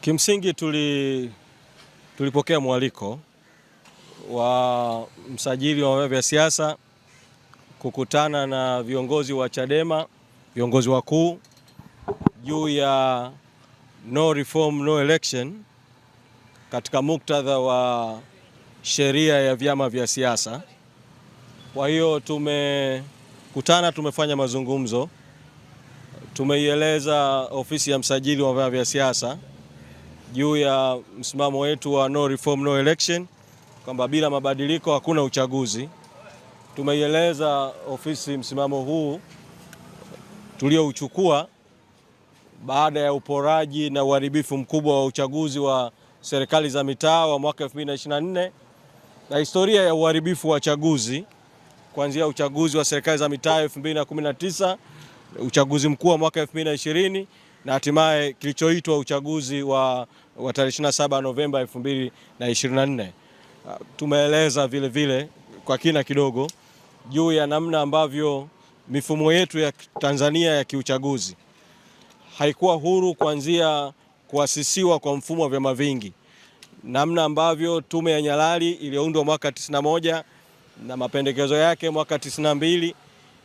Kimsingi tuli, tulipokea mwaliko wa msajili wa vyama vya siasa kukutana na viongozi wa Chadema, viongozi wakuu juu ya no reform, no election katika muktadha wa sheria ya vyama vya siasa. Kwa hiyo tumekutana, tumefanya mazungumzo, tumeieleza ofisi ya msajili wa vyama vya siasa juu ya msimamo wetu wa no reform, no election kwamba bila mabadiliko hakuna uchaguzi. Tumeieleza ofisi msimamo huu tuliouchukua baada ya uporaji na uharibifu mkubwa wa uchaguzi wa serikali za mitaa wa mwaka 2024 na historia ya uharibifu wa chaguzi kuanzia uchaguzi wa serikali za mitaa 2019, uchaguzi mkuu wa mwaka 2020 na hatimaye kilichoitwa uchaguzi wa, wa tarehe 27 Novemba 2024. Uh, tumeeleza vile vile kwa kina kidogo juu ya namna ambavyo mifumo yetu ya Tanzania ya kiuchaguzi haikuwa huru kuanzia kuasisiwa kwa mfumo wa vyama vingi, namna ambavyo tume ya Nyalali iliyoundwa mwaka 91 na mapendekezo yake mwaka 92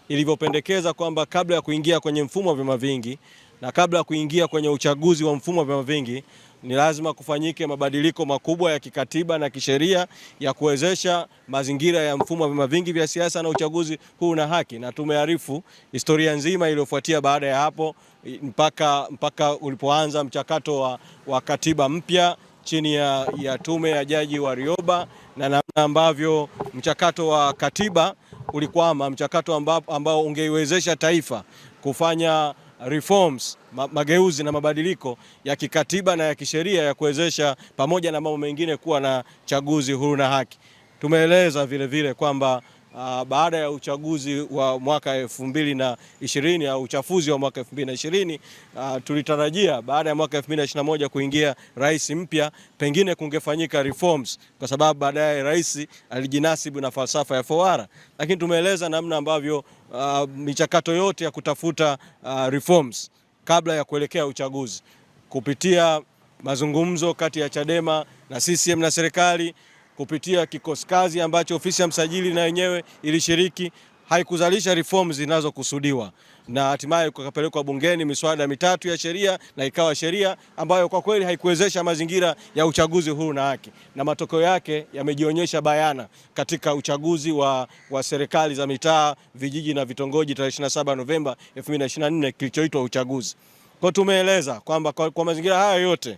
ilivyopendekeza kwamba kabla ya kuingia kwenye mfumo wa vyama vingi na kabla ya kuingia kwenye uchaguzi wa mfumo wa vyama vingi ni lazima kufanyike mabadiliko makubwa ya kikatiba na kisheria ya kuwezesha mazingira ya mfumo wa vyama vingi vya siasa na uchaguzi huu na haki, na tumearifu historia nzima iliyofuatia baada ya hapo mpaka, mpaka ulipoanza mchakato wa, wa katiba mpya chini ya, ya tume ya Jaji Warioba na namna ambavyo mchakato wa katiba ulikwama, mchakato ambao, ambao ungeiwezesha taifa kufanya reforms, mageuzi na mabadiliko ya kikatiba na ya kisheria ya kuwezesha pamoja na mambo mengine kuwa na chaguzi huru na haki. Tumeeleza vile vile kwamba uh, baada ya uchaguzi wa mwaka 2020 au uchafuzi wa mwaka 2020 uh, ah, tulitarajia baada ya mwaka 2021 kuingia rais mpya, pengine kungefanyika reforms, kwa sababu baadaye rais alijinasibu na falsafa ya fowara, lakini tumeeleza namna ambavyo uh, michakato yote ya kutafuta uh, reforms kabla ya kuelekea uchaguzi kupitia mazungumzo kati ya Chadema na CCM na serikali kupitia kikosi kazi ambacho ofisi ya msajili na yenyewe ilishiriki haikuzalisha reform zinazokusudiwa na hatimaye kukapelekwa bungeni miswada mitatu ya sheria na ikawa sheria ambayo kwa kweli haikuwezesha mazingira ya uchaguzi huru na haki, na matokeo yake yamejionyesha bayana katika uchaguzi wa, wa serikali za mitaa, vijiji na vitongoji tarehe 27 Novemba 2024 kilichoitwa uchaguzi. Kwa tumeeleza kwamba kwa, kwa mazingira hayo yote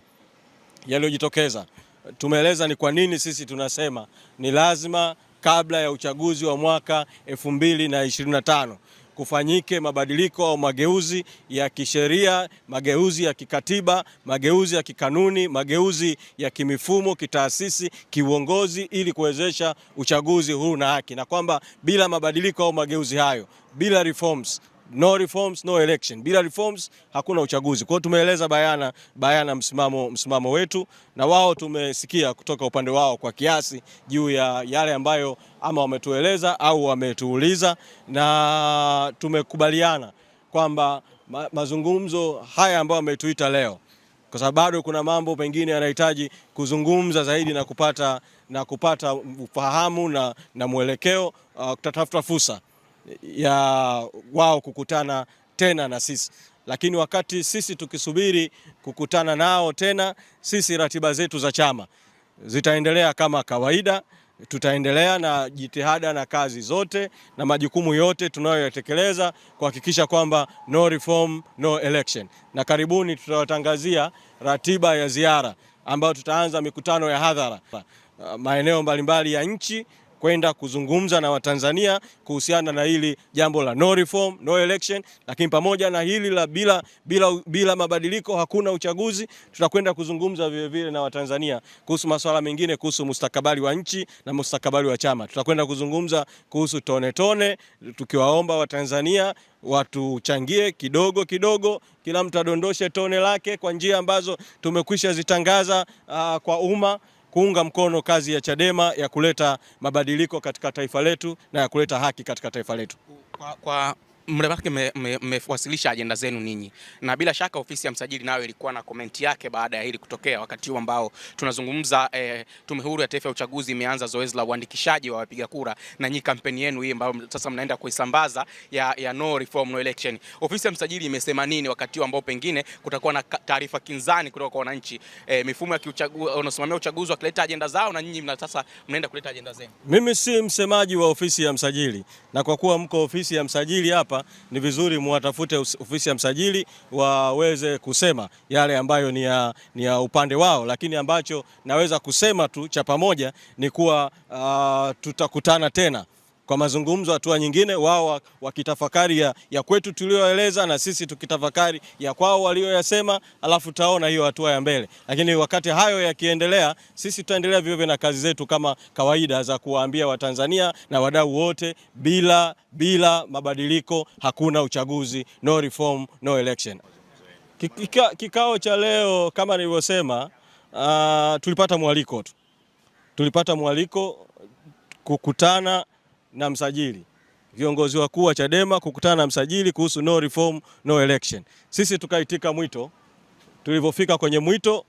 yaliyojitokeza tumeeleza ni kwa nini sisi tunasema ni lazima kabla ya uchaguzi wa mwaka 2025 kufanyike mabadiliko au mageuzi ya kisheria, mageuzi ya kikatiba, mageuzi ya kikanuni, mageuzi ya kimifumo, kitaasisi, kiuongozi ili kuwezesha uchaguzi huru na haki, na kwamba bila mabadiliko au mageuzi hayo, bila reforms no reforms, no election. Bila reforms hakuna uchaguzi. Kwa hiyo tumeeleza bayana, bayana msimamo, msimamo wetu na wao tumesikia kutoka upande wao kwa kiasi juu ya yale ambayo ama wametueleza au wametuuliza na tumekubaliana kwamba ma, mazungumzo haya ambayo wametuita leo kwa sababu bado kuna mambo mengine yanahitaji kuzungumza zaidi na kupata, na kupata ufahamu na, na mwelekeo uh, tutatafuta fursa ya wao kukutana tena na sisi, lakini wakati sisi tukisubiri kukutana nao tena, sisi ratiba zetu za chama zitaendelea kama kawaida. Tutaendelea na jitihada na kazi zote na majukumu yote tunayoyatekeleza kuhakikisha kwamba no reform, no election, na karibuni tutawatangazia ratiba ya ziara ambayo tutaanza mikutano ya hadhara maeneo mbalimbali ya nchi kwenda kuzungumza na Watanzania kuhusiana na hili jambo la no reform, no election, lakini pamoja na hili la bila, bila, bila mabadiliko hakuna uchaguzi. Tutakwenda kuzungumza vile vile na Watanzania kuhusu masuala mengine kuhusu mustakabali wa nchi na mustakabali wa chama. Tutakwenda kuzungumza kuhusu tone tone, tukiwaomba Watanzania watuchangie kidogo kidogo, kila mtu adondoshe tone lake kwa njia ambazo tumekwisha zitangaza uh, kwa umma kuunga mkono kazi ya Chadema ya kuleta mabadiliko katika taifa letu na ya kuleta haki katika taifa letu kwa, kwa Mrebaki, mmewasilisha me, me, ajenda zenu ninyi, na bila shaka ofisi ya msajili nayo ilikuwa na komenti yake baada ya hili kutokea. Wakati huu ambao tunazungumza eh, Tume Huru ya Taifa ya Uchaguzi imeanza zoezi la uandikishaji wa wapiga kura, na nyinyi kampeni yenu hii ambayo sasa mnaenda kuisambaza ya, ya no reform no election, ofisi ya msajili imesema nini wakati huu ambao pengine kutakuwa na taarifa kinzani kutoka kwa wananchi eh, mifumo ya unasimamia uchaguzi wakileta ajenda zao, na nyinyi sasa mnaenda kuleta ajenda zenu? Mimi si msemaji wa ofisi ya msajili, na kwa kuwa mko ofisi ya msajili hapa hapa, ni vizuri muwatafute ofisi ya msajili waweze kusema yale ambayo ni ya, ni ya upande wao, lakini ambacho naweza kusema tu cha pamoja ni kuwa uh, tutakutana tena kwa mazungumzo. Hatua nyingine wao wakitafakari ya, ya kwetu tulioeleza na sisi tukitafakari ya kwao walioyasema, alafu taona hiyo hatua ya mbele. Lakini wakati hayo yakiendelea, sisi tutaendelea vivyo na kazi zetu kama kawaida za kuwaambia Watanzania na wadau wote, bila bila mabadiliko hakuna uchaguzi, no reform, no election. Kika, kikao cha leo kama nilivyosema, uh, tulipata mwaliko tu tulipata mwaliko kukutana na msajili, viongozi wakuu wa Chadema kukutana na msajili kuhusu no reform, no election. Sisi tukaitika mwito. Tulivyofika kwenye mwito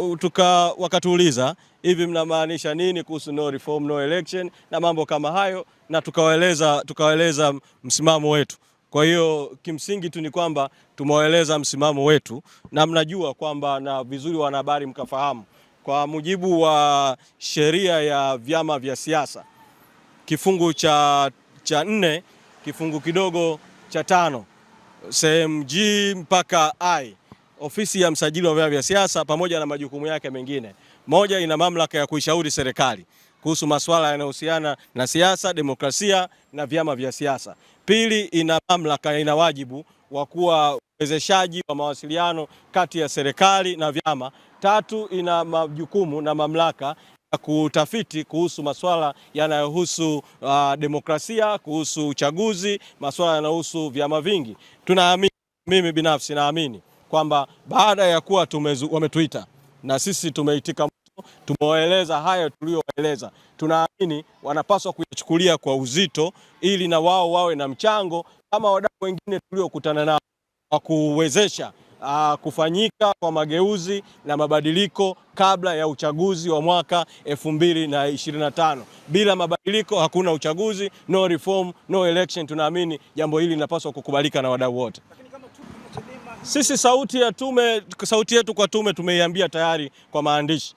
uh, tuka wakatuuliza hivi, mnamaanisha nini kuhusu no reform, no election na mambo kama hayo, na tukawaeleza tukawaeleza msimamo wetu. Kwa hiyo kimsingi tu ni kwamba tumewaeleza msimamo wetu, na mnajua kwamba na vizuri, wanahabari, mkafahamu kwa mujibu wa sheria ya vyama vya siasa kifungu cha, cha nne kifungu kidogo cha tano sehemu G mpaka I. Ofisi ya msajili wa vyama vya siasa pamoja na majukumu yake mengine, moja, ina mamlaka ya kuishauri serikali kuhusu masuala yanayohusiana na siasa, demokrasia na vyama vya siasa. Pili, ina mamlaka, ina wajibu wa kuwa uwezeshaji wa mawasiliano kati ya serikali na vyama. Tatu, ina majukumu na mamlaka kutafiti kuhusu masuala yanayohusu uh, demokrasia, kuhusu uchaguzi, masuala yanayohusu vyama vingi. Tunaamini, mimi binafsi naamini kwamba baada ya kuwa tumezu, wametuita na sisi tumeitika tumewaeleza hayo tuliyowaeleza, tunaamini wanapaswa kuyachukulia kwa uzito, ili na wao wawe na mchango kama wadau wengine tuliokutana nao wa kuwezesha uh, kufanyika kwa mageuzi na mabadiliko kabla ya uchaguzi wa mwaka 2025. Bila mabadiliko hakuna uchaguzi, no reform, no election. Tunaamini jambo hili linapaswa kukubalika na wadau wote. Sisi sauti ya tume, sauti yetu kwa tume tumeiambia tayari kwa maandishi.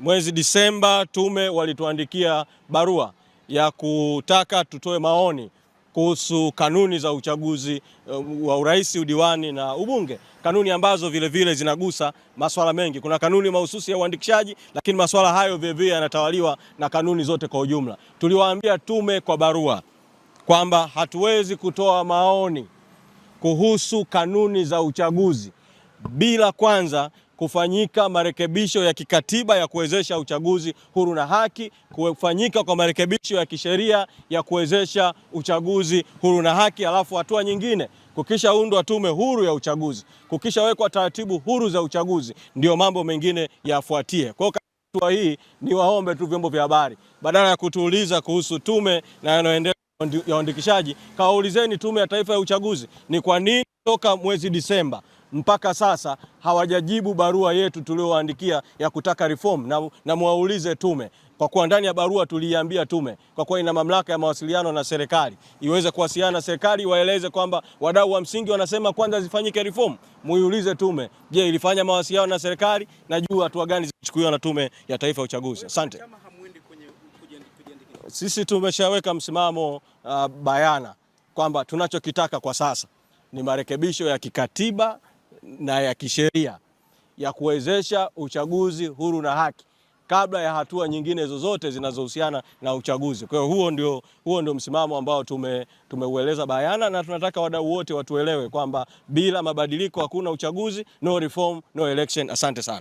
Mwezi Disemba tume walituandikia barua ya kutaka tutoe maoni kuhusu kanuni za uchaguzi uh, wa urais, udiwani na ubunge, kanuni ambazo vilevile vile zinagusa masuala mengi. Kuna kanuni mahususi ya uandikishaji, lakini masuala hayo vilevile yanatawaliwa na kanuni zote kwa ujumla. Tuliwaambia tume kwa barua kwamba hatuwezi kutoa maoni kuhusu kanuni za uchaguzi bila kwanza kufanyika marekebisho ya kikatiba ya kuwezesha uchaguzi huru na haki, kufanyika kwa marekebisho ya kisheria ya kuwezesha uchaguzi huru na haki, alafu hatua nyingine kukishaundwa tume huru ya uchaguzi, kukishawekwa taratibu huru za uchaguzi, ndio mambo mengine yafuatie. Kwa hatua hii ni waombe tu vyombo vya habari, badala ya kutuuliza kuhusu tume na yanayoendelea ya uandikishaji, kawaulizeni Tume ya Taifa ya Uchaguzi ni kwa nini toka mwezi Disemba mpaka sasa hawajajibu barua yetu tuliowaandikia ya kutaka reform, na, na mwaulize tume kwa kuwa ndani ya barua tuliiambia tume kwa kuwa ina mamlaka ya mawasiliano na serikali iweze kuwasiliana na serikali, waeleze kwamba wadau wa msingi wanasema kwanza zifanyike reform. Muiulize tume, je, ilifanya mawasiliano na serikali na juu hatua gani zilichukuliwa na Tume ya Taifa ya Uchaguzi. Asante. Sisi tumeshaweka msimamo uh, bayana kwamba tunachokitaka kwa sasa ni marekebisho ya kikatiba na ya kisheria ya kuwezesha uchaguzi huru na haki kabla ya hatua nyingine zozote zinazohusiana na uchaguzi. Kwa hiyo huo ndio, huo ndio msimamo ambao tume, tumeueleza bayana na tunataka wadau wote watuelewe kwamba bila mabadiliko hakuna uchaguzi, no reform, no election. Asante sana.